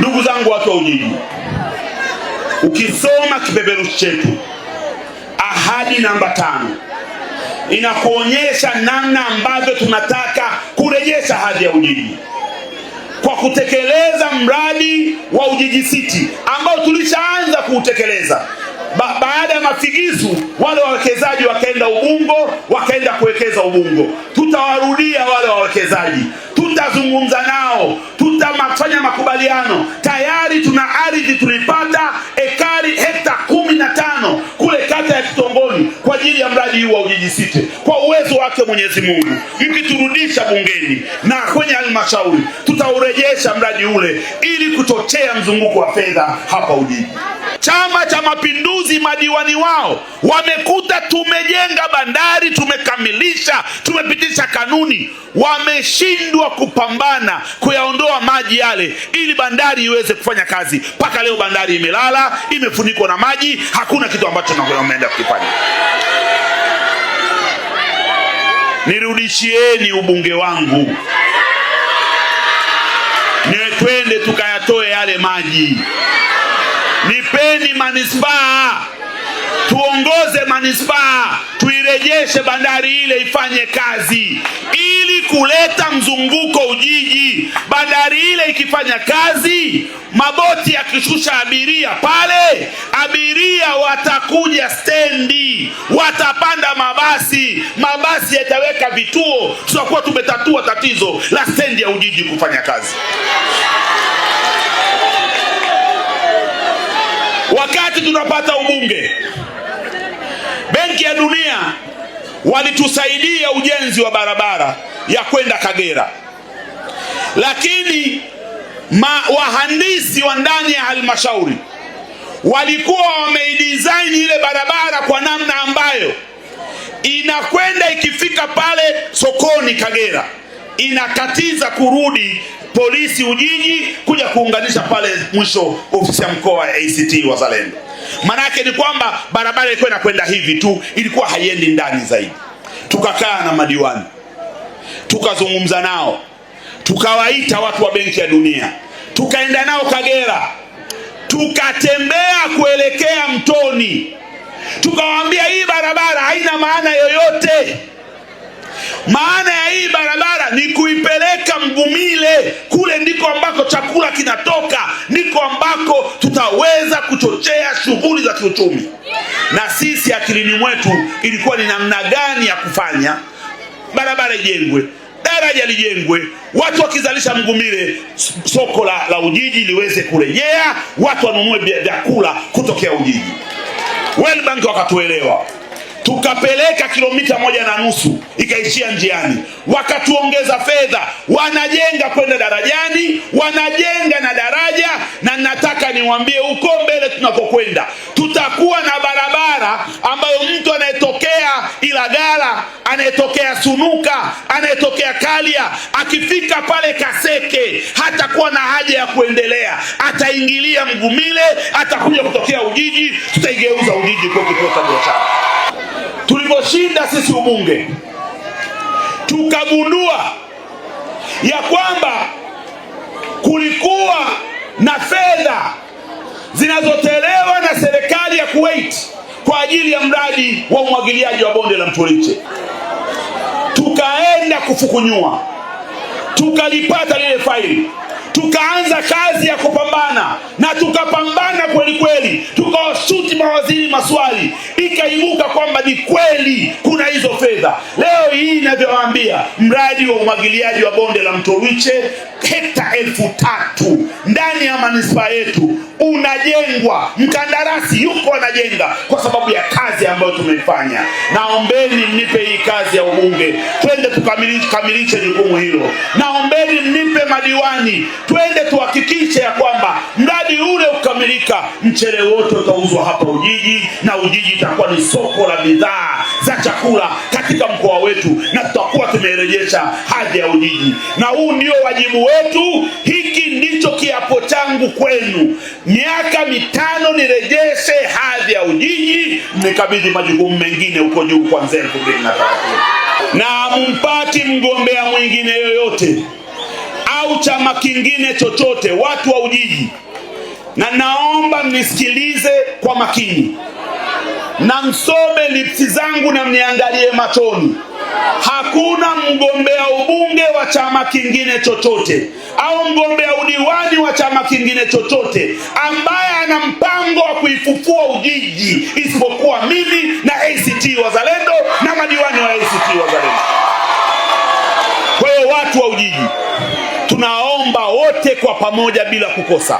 Ndugu zangu watu wa Ujiji, ukisoma kipeperushi chetu ahadi namba tano inakuonyesha namna ambavyo tunataka kurejesha hadhi ya Ujiji kwa kutekeleza mradi wa Ujiji City ambao tulishaanza kuutekeleza ba baada ya mafigisu, wale wawekezaji wakaenda Ubungo, wakaenda kuwekeza Ubungo. Tutawarudia wale wawekezaji tutazungumza nao, tutafanya makubaliano. Tayari tuna ardhi tulipata ekari hekta kumi na tano kule kata ya Kitongoni kwa ajili ya mradi huu wa Ujiji City kwa uwezo wake Mwenyezi Mungu, mkiturudisha bungeni na kwenye halmashauri tutaurejesha mradi ule ili kuchochea mzunguko wa fedha hapa Ujiji. Chama cha Mapinduzi madiwani wao wamekuta tumejenga bandari, tumekamilisha, tumepitisha kanuni, wameshindwa kupambana kuyaondoa maji yale ili bandari iweze kufanya kazi. Mpaka leo bandari imelala, imefunikwa na maji, hakuna kitu ambacho ameenda kukifanya. Nirudishieni ubunge wangu niwe, twende tukayatoe yale maji nipeni manispaa tuongoze manispaa tuirejeshe bandari ile ifanye kazi ili kuleta mzunguko ujiji. Bandari ile ikifanya kazi, maboti yakishusha abiria pale, abiria watakuja stendi, watapanda mabasi, mabasi yataweka vituo, tutakuwa tumetatua tatizo la stendi ya Ujiji kufanya kazi. wakati tunapata ubunge, Benki ya Dunia walitusaidia ujenzi wa barabara ya kwenda Kagera, lakini ma, wahandisi wa ndani ya halmashauri walikuwa wameidesign ile barabara kwa namna ambayo inakwenda ikifika pale sokoni Kagera inakatiza kurudi polisi Ujiji kuja kuunganisha pale mwisho ofisi ya mkoa wa ACT Wazalendo. Maana yake ni kwamba barabara ilikuwa inakwenda hivi tu, ilikuwa haiendi ndani zaidi. Tukakaa na madiwani, tukazungumza nao, tukawaita watu wa Benki ya Dunia, tukaenda nao Kagera, tukatembea kuelekea Mtoni, tukawaambia hii barabara haina maana yoyote maana ya hii barabara ni kuipeleka Mvumile, kule ndiko ambako chakula kinatoka, ndiko ambako tutaweza kuchochea shughuli za kiuchumi. Na sisi akilini mwetu ilikuwa ni namna gani ya kufanya barabara ijengwe, daraja lijengwe, watu wakizalisha Mvumile soko la, la Ujiji liweze kurejea, watu wanunue vyakula kutokea Ujiji. Welbank wakatuelewa tukapeleka kilomita moja na nusu ikaishia njiani, wakatuongeza fedha, wanajenga kwenda darajani, wanajenga na daraja. Na nataka niwaambie, huko mbele tunapokwenda tutakuwa na barabara ambayo mtu anayetokea Ilagala, anayetokea Sunuka, anayetokea Kalia, akifika pale Kaseke hatakuwa na haja ya kuendelea, ataingilia Mgumile, atakuja kutokea Ujiji, tutaigeuza Ujiji kuwa kituo cha biashara tulivyoshinda sisi ubunge, tukagundua ya kwamba kulikuwa na fedha zinazotolewa na serikali ya Kuwait kwa ajili ya mradi wa umwagiliaji wa bonde la mto Tukaenda kufukunyua, tukalipata lile faili, tukaanza kazi ya kupambana na tukapambana kweli kweli mawaziri maswali, ikaibuka kwamba ni kweli kuna hizo fedha. Leo hii inavyowaambia, mradi wa umwagiliaji wa bonde la mto Rwiche elfu tatu ndani ya manispaa yetu unajengwa, mkandarasi yuko anajenga kwa sababu ya kazi ambayo tumeifanya. Naombeni mnipe hii kazi ya ubunge, twende tukamilishe jukumu hilo. Naombeni mnipe madiwani, twende tuhakikishe ya kwamba mradi ule ukamilika, mchele wote utauzwa hapa Ujiji na Ujiji itakuwa ni soko la bidhaa za chakula katika mkoa wetu, na tutakuwa tumerejesha hadhi ya Ujiji, na huu ndio wajibu wetu hiki ndicho kiapo changu kwenu, miaka mitano nirejeshe hadhi ya ujiji, nikabidhi majukumu mengine huko juu, kuanzia elfu mbili na thelathini na mpati mgombea mwingine yoyote au chama kingine chochote, watu wa Ujiji, na naomba mnisikilize kwa makini na msome lipsi zangu na mniangalie machoni hakuna mgombea ubunge wa chama kingine chochote au mgombea udiwani wa chama kingine chochote ambaye ana mpango wa kuifufua Ujiji isipokuwa mimi na ACT Wazalendo na madiwani wa ACT Wazalendo. Kwa hiyo watu wa Ujiji tunaomba wote kwa pamoja bila kukosa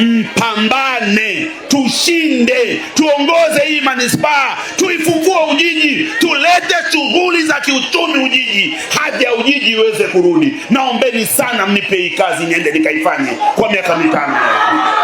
mpambane, tushinde, tuongoze hii manispaa, tuifufue Ujiji tu Mlete shughuli za kiuchumi Ujiji, haja ya Ujiji iweze kurudi. Naombeni sana mnipe hii kazi niende nikaifanye kwa miaka mitano.